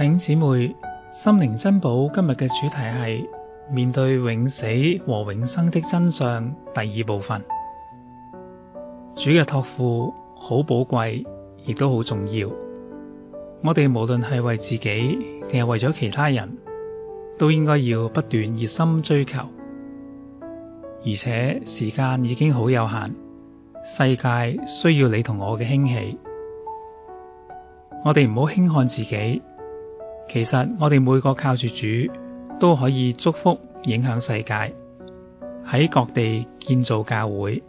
弟兄姊妹，心靈珍寶今日嘅主題係面對永死和永生的真相。第二部分，主嘅托付好寶貴，亦都好重要。我哋無論係為自己定係為咗其他人，都應該要不斷熱心追求。而且時間已經好有限，世界需要你同我嘅興起。我哋唔好輕看自己。其實我哋每個靠住主都可以祝福影響世界，喺各地建造教會。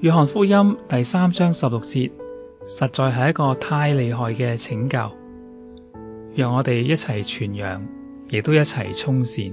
約翰福音第三章十六節實在係一個太厲害嘅拯救，讓我哋一齊傳揚，亦都一齊充善。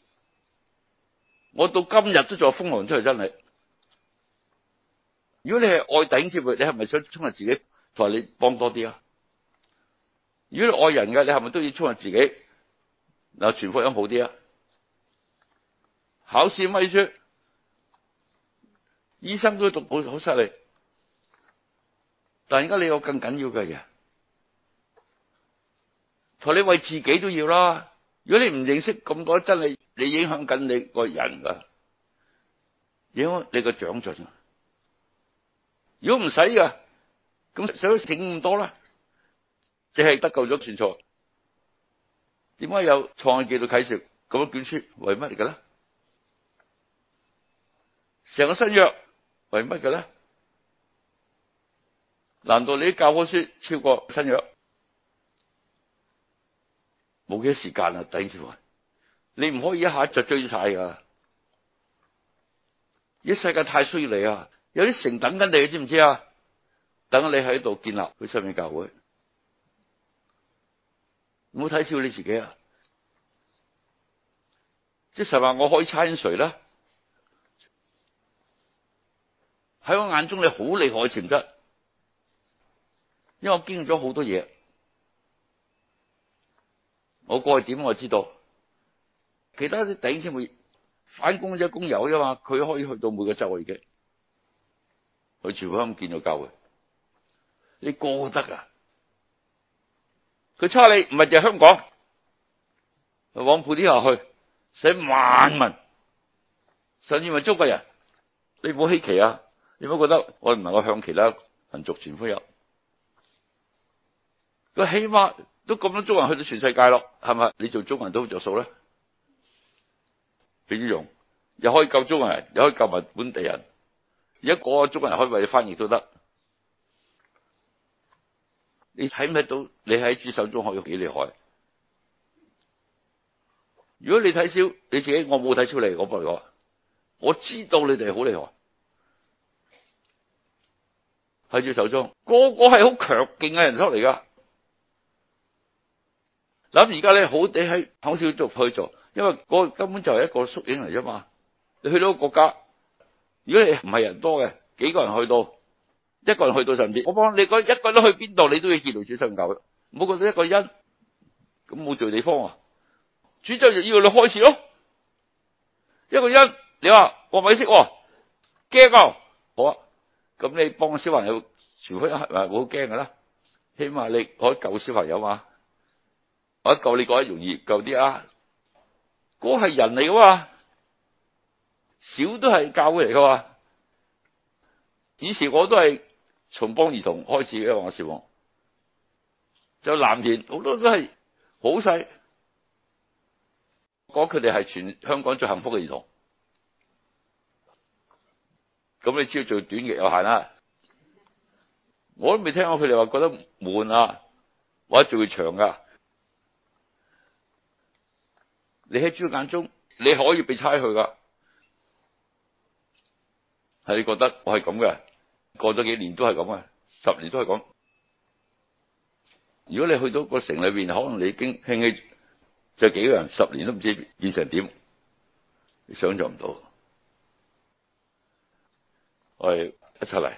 我到今日都仲有風寒出嚟，真係。如果你係愛頂接佢，你係咪想衝下自己？同埋你幫多啲啊！如果你愛人嘅，你係咪都要衝下自己？嗱，全幅音好啲啊！考試咪出，醫生都讀好好犀利，但係而家你有更緊要嘅嘢，同你為自己都要啦。如果你唔認識咁多真理，你你影響緊你個人噶，影響你個長進。如果唔使噶，咁想整咁多啦，只係得救咗算錯，點解有創世記到啟示錄咁樣卷書？為乜嚟噶啦？成個新約為乜噶啦？難道你啲教科書超過新約？冇幾時間啦，等兄姊你唔可以一下就追晒噶，呢世界太需要你啊，有啲成等緊你，知唔知啊？等你喺度建立佢上面教會，唔好睇小你自己啊！即係話，我可以差遣誰呢？喺我眼中你好厲害，潛質，因為我經歷咗好多嘢。我過去點我知道，其他啲頂先會反工者工友啫嘛，佢可以去到每個州嘅，佢全部咁建到教會，你過得啊？佢差你唔係就係香港，去往普天下去，寫萬民，甚至咪中國人，你唔好稀奇啊？你唔好覺得我哋唔能夠向其他民族傳福音，佢起碼。都咁多中國人去到全世界咯，係咪？你做中國人都着數咧，俾啲用，又可以救中國人，又可以救埋本地人。而家個個中國人可以為你翻譯都得。你睇唔睇到？你喺主手中可有幾厲害？如果你睇少，你自己我冇睇少你，我不如我，我知道你哋好厲害。喺主手中，個個係好強勁嘅人出嚟噶。諗而家咧，好啲喺好少族去做，因為嗰根本就係一個縮影嚟啫嘛。你去到個國家，如果你唔係人多嘅，幾個人去到，一個人去到上邊，我幫你講，一個人去邊度你都要見到主神牛，唔好講到一個人咁冇聚地方啊。主神就要你開始咯，一個人你話我唔係識，驚啊，好啊，咁你幫小朋友全部係咪好驚噶啦？起碼你可以救小朋友嘛。我教你講得容易，教啲啊！嗰、那、係、個、人嚟噶嘛，少都係教會嚟噶嘛。以前我都係從幫兒童開始嘅，我小王。就藍田好多都係好細，講佢哋係全香港最幸福嘅兒童。咁你只要做短嘅有限啦、啊。我都未聽過佢哋話覺得悶啊，或者最長噶、啊。你喺主眼中，你可以被差去噶，係你覺得我係咁嘅，過咗幾年都係咁啊，十年都係咁。如果你去到個城裏邊，可能你已經興起就是、幾個人，十年都唔知變成點，你想象唔到。我一出嚟，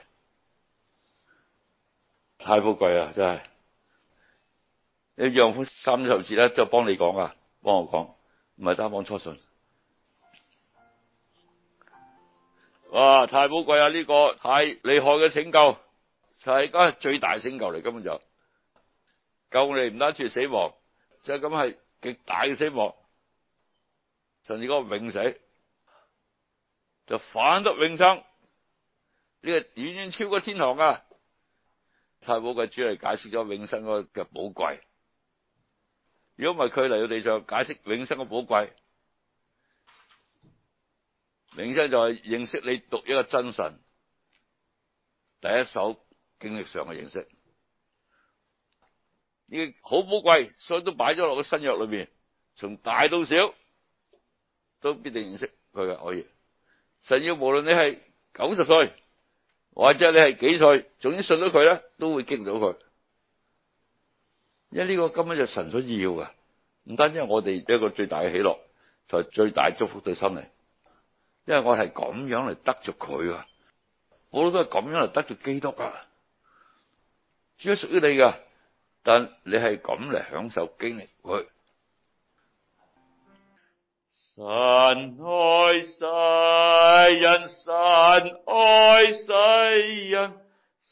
太寶貴啦，真係。你丈夫三十節咧，就係幫你講啊，幫我講。唔係單方初信，哇！太寶貴啊，呢個係厲害嘅拯救，就係嗰個最大拯救嚟，根本就救你唔單止死亡，就係咁係極大嘅死亡，甚至嗰個永死就反得永生，呢個遠遠超過天堂啊！太寶貴，主嚟解釋咗永生嗰個嘅寶貴。如果唔係佢嚟到地上解釋永生嘅寶貴，永生就係認識你讀一個真神第一手經歷上嘅認識，呢個好寶貴，所以都擺咗落個新約裏邊，從大到小都必定認識佢嘅。可以。神要無論你係九十歲，或者你係幾歲，總之信咗佢咧，都會激到佢。因為呢個根本就神所要啊，唔單止係我哋一個最大嘅喜樂，就係最大祝福對心靈。因為我係咁樣嚟得着佢啊，我都係咁樣嚟得着基督啊。主係屬於你噶，但你係咁嚟享受經歷佢。神愛世人，神愛世人。